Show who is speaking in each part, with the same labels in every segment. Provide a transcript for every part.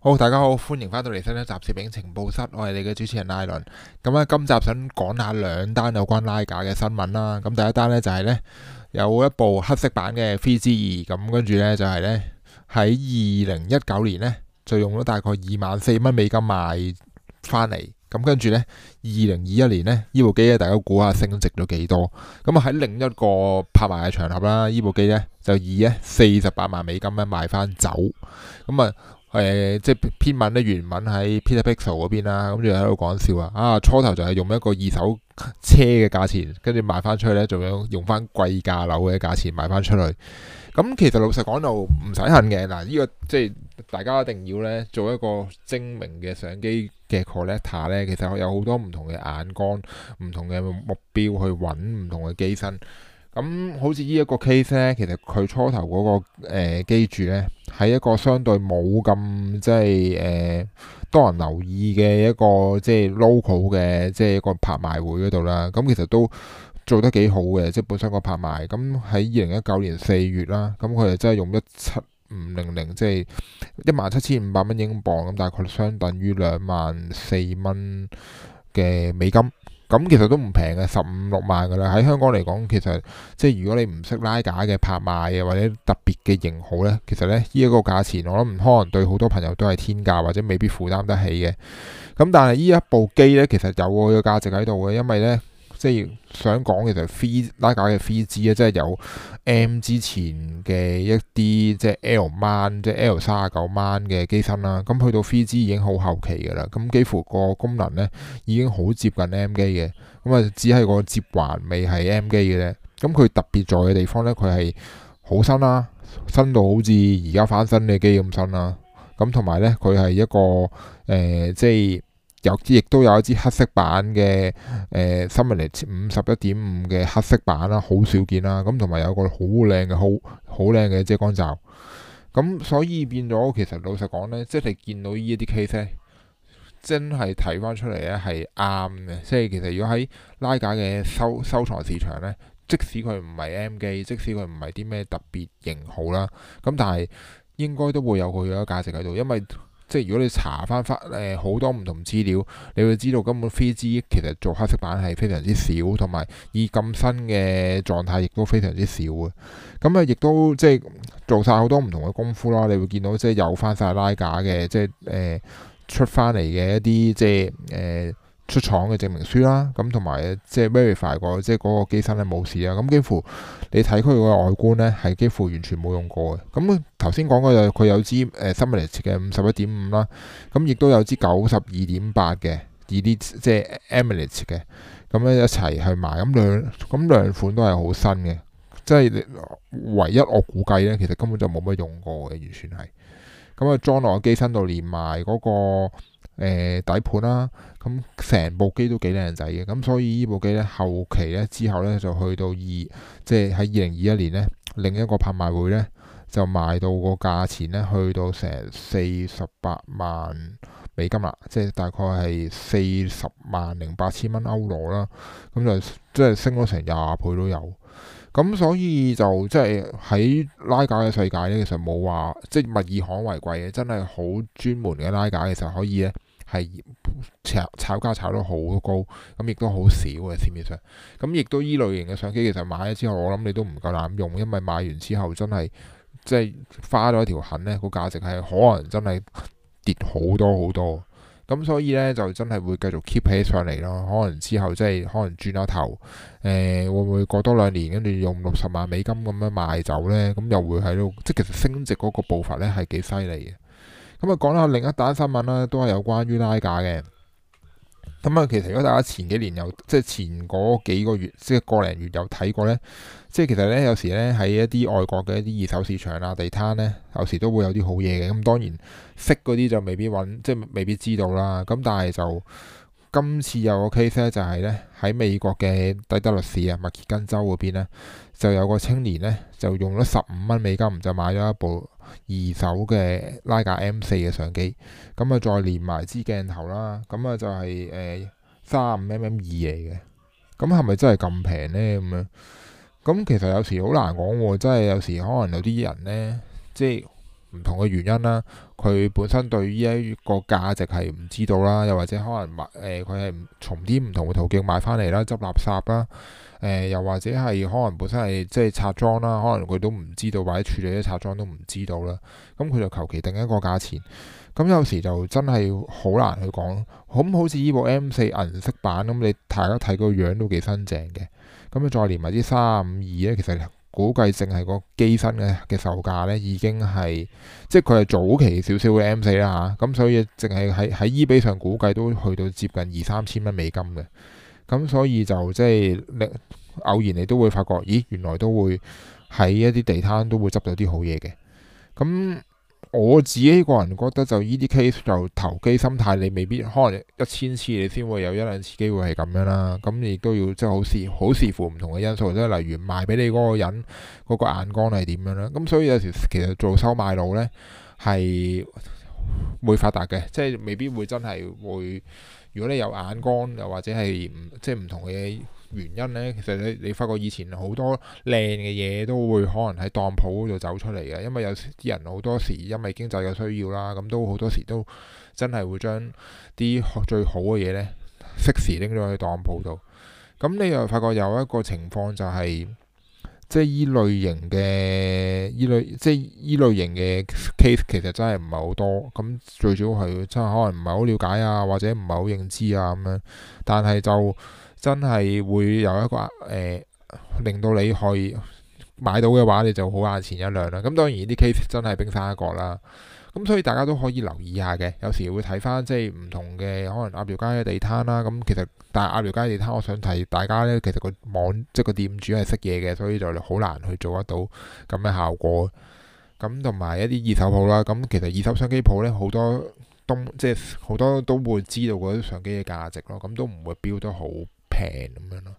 Speaker 1: 好，大家好，歡迎翻到嚟新一集攝影情報室。我係你嘅主持人艾倫。咁、嗯、咧，今集想講下兩單有關拉架嘅新聞啦。咁、嗯、第一單呢，就係呢有一部黑色版嘅 IIIg。二，咁跟住呢，就係、是、呢喺二零一九年呢，就用咗大概二萬四蚊美金賣翻嚟。咁、嗯、跟住呢，二零二一年呢，呢部機咧，大家估下升值咗幾多？咁啊喺另一個拍賣嘅場合啦，部機呢部機呢就以咧四十八萬美金咧賣翻走。咁、嗯、啊。誒、嗯，即係篇文咧，原文喺 PetaPixel 嗰邊啦，咁就喺度講笑啊！啊，初頭就係用一個二手車嘅價錢，跟住賣翻出去咧，仲要用翻貴價樓嘅價錢賣翻出去。咁、嗯、其實老實講就唔使恨嘅。嗱，呢、這個即係大家一定要咧，做一個精明嘅相機嘅 collector 咧。其實有好多唔同嘅眼光、唔同嘅目標去搵唔同嘅機身。咁、嗯、好似呢一個 case 咧，其實佢初頭、那、嗰個誒機主咧。呃喺一個相對冇咁即係誒、呃、多人留意嘅一個即係 local 嘅即係一個拍賣會嗰度啦，咁其實都做得幾好嘅，即係本身個拍賣。咁喺二零一九年四月啦，咁佢哋真係用一七五零零，即係一萬七千五百蚊英鎊，咁大概相等於兩萬四蚊嘅美金。咁其實都唔平嘅，十五六萬㗎喇。喺香港嚟講，其實即係如果你唔識拉架嘅拍賣嘅，或者特別嘅型號呢，其實呢，呢、這、一個價錢，我諗唔可能對好多朋友都係天價，或者未必負擔得起嘅。咁、嗯、但係呢一部機呢，其實有個價值喺度嘅，因為呢。即係想講其實 IIIg 拉架嘅 IIIg 即係有 M 之前嘅一啲即係 L man，即係 L 三十九 man 嘅機身啦。咁去到 IIIg 已經好後期㗎啦。咁幾乎個功能咧已經好接近 M 機嘅。咁啊，只係個接環未係 M 機嘅啫。咁佢特別在嘅地方咧，佢係好新啦、啊，新到好似而家翻新嘅機咁新啦。咁同埋咧，佢係一個誒、呃，即係。有支亦都有一支黑色版嘅，誒 s i m u l i z 五十一點五嘅黑色版啦，好少見啦。咁同埋有個好靚嘅，好，好靚嘅遮光罩。咁、嗯、所以變咗，其實老實講呢，即係見到依一啲 s e 真係睇翻出嚟咧係啱嘅。即係其實如果喺拉架嘅收收藏市場呢，即使佢唔係 M g 即使佢唔係啲咩特別型號啦，咁、嗯、但係應該都會有佢嘅價值喺度，因為。即係如果你查翻翻誒好多唔同資料，你會知道根本三 G 其實做黑色版係非常之少，同埋以咁新嘅狀態亦都非常之少嘅。咁啊，亦都即係做晒好多唔同嘅功夫啦。你會見到即係有翻晒拉架嘅，即係誒、呃、出翻嚟嘅一啲即係誒。呃出廠嘅證明書啦，咁同埋即係 verify 過，即係嗰個機身咧冇事啊。咁幾乎你睇佢嗰個外觀咧，係幾乎完全冇用過嘅。咁頭先講過佢有支誒 Summarit 嘅五十一點五啦，咁亦都有支九十二點八嘅 Elmarit，即係 Elmarit 嘅。咁咧一齊去買，咁兩咁兩款都係好新嘅，即係唯一我估計咧，其實根本就冇乜用過嘅，完全係。咁啊裝落個機身度連埋嗰、嗰個。誒、呃、底盤啦、啊，咁、嗯、成部機都幾靚仔嘅，咁、嗯、所以呢部機呢，後期呢，之後呢，就去到二，即係喺二零二一年呢，另一個拍賣會呢，就賣到個價錢呢，去到成四十八萬美金啦，即係大概係四十萬零八千蚊歐羅啦，咁、嗯、就即係升咗成廿倍都有，咁、嗯、所以就即係喺拉架嘅世界呢，其實冇話即係物以罕為貴嘅，真係好專門嘅拉架其實可以係炒炒家炒到好高，咁亦都好少嘅市面上。咁亦都依類型嘅相機，其實買咗之後，我諗你都唔夠膽用，因為買完之後真係即係花咗一條痕，呢個價值係可能真係跌好多好多。咁所以呢，就真係會繼續 keep 起上嚟咯。可能之後即係可能轉咗頭，誒、呃、會唔會過多兩年，跟住用六十萬美金咁樣賣走呢？咁又會喺度，即係其實升值嗰個步伐呢，係幾犀利嘅。咁啊、嗯，講下另一單新聞啦，都係有關於 Leica 嘅。咁、嗯、啊，其實如果大家前幾年又即係前嗰幾個月，即係個零月有睇過呢？即係其實呢，有時呢喺一啲外國嘅一啲二手市場啊、地攤呢，有時都會有啲好嘢嘅。咁、嗯、當然識嗰啲就未必揾，即係未必知道啦。咁、嗯、但係就今次有個 case 咧，就係、是、呢喺美國嘅底特律市啊、密歇根州嗰邊咧，就有個青年呢，就用咗十五蚊美金就買咗一部。二手嘅徠卡 M 四嘅相機，咁啊再連埋支鏡頭啦，咁啊就係誒三五 mm 二嚟嘅，咁係咪真係咁平呢？咁樣，咁其實有時好難講，真係有時可能有啲人呢，即係。唔同嘅原因啦，佢本身對依一個價值係唔知道啦，又或者可能、呃、從買誒佢係從啲唔同嘅途徑買翻嚟啦，執垃圾啦，誒、呃、又或者係可能本身係即係拆裝啦，可能佢都唔知道或者處理啲拆裝都唔知道啦，咁、嗯、佢就求其定一個價錢。咁、嗯、有時就真係好難去講。咁好似呢部 M 四銀色版咁、嗯，你大家睇個樣都幾新淨嘅，咁、嗯、你再連埋啲三五二咧，其實～估計淨係個機身嘅嘅售價咧，已經係即係佢係早期少少嘅 M4 啦嚇，咁、嗯、所以淨係喺喺 eBay 上估計都去到接近二三千蚊美金嘅，咁、嗯、所以就即係、就係、你偶然你都會發覺，咦原來都會喺一啲地攤都會執到啲好嘢嘅，咁、嗯。我自己個人覺得就呢啲 case 就投機心態，你未必可能一千次你先會有一兩次機會係咁樣啦。咁你都要即係、就是、好視好視乎唔同嘅因素，即係例如賣俾你嗰個人嗰、嗰個眼光係點樣啦。咁所以有時其實做收買佬咧係。會發達嘅，即係未必會真係會。如果你有眼光，又或者係唔即係唔同嘅原因呢，其實你你發覺以前好多靚嘅嘢都會可能喺當鋪度走出嚟嘅，因為有啲人好多時因為經濟嘅需要啦，咁都好多時都真係會將啲最好嘅嘢呢，適時拎咗去當鋪度。咁你又發覺有一個情況就係。即係依類型嘅依類，即係依類型嘅 case 其實真係唔係好多。咁最主要係真係可能唔係好了解啊，或者唔係好認知啊咁樣。但係就真係會有一個誒、呃，令到你去買到嘅話，你就好眼前一亮啦。咁當然啲 case 真係冰山一角啦。咁、嗯、所以大家都可以留意下嘅，有時會睇翻，即係唔同嘅，可能鴨寮街嘅地攤啦。咁、嗯、其實，但係鴨寮街地攤我想提大家咧，其實個網即係個店主係識嘢嘅，所以就好難去做得到咁嘅效果。咁同埋一啲二手鋪啦，咁、嗯、其實二手相機鋪咧，好多都即係好多都會知道嗰啲相機嘅價值咯，咁、嗯、都唔會標得好平咁樣咯。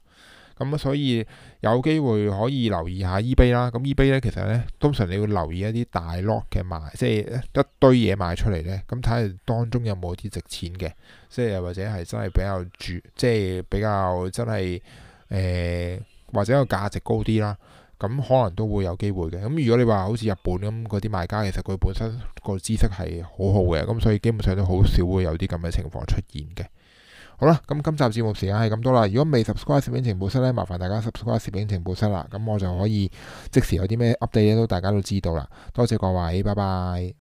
Speaker 1: 咁、嗯、所以有機會可以留意下 eBay 啦。咁、嗯、eBay 咧，其實咧，通常你要留意一啲大 lot 嘅賣，即、就、係、是、一堆嘢賣出嚟咧。咁睇下當中有冇啲值錢嘅，即係又或者係真係比較絕，即係比較真係誒、呃，或者個價值高啲啦。咁、嗯、可能都會有機會嘅。咁、嗯、如果你話好似日本咁嗰啲賣家，其實佢本身個知識係好好嘅，咁、嗯、所以基本上都好少會有啲咁嘅情況出現嘅。好啦，咁今集節目時間係咁多啦。如果未 subscribe 攝影情報室呢，麻煩大家 subscribe 攝影情報室啦。咁我就可以即時有啲咩 update 都大家都知道啦。多謝各位，拜拜。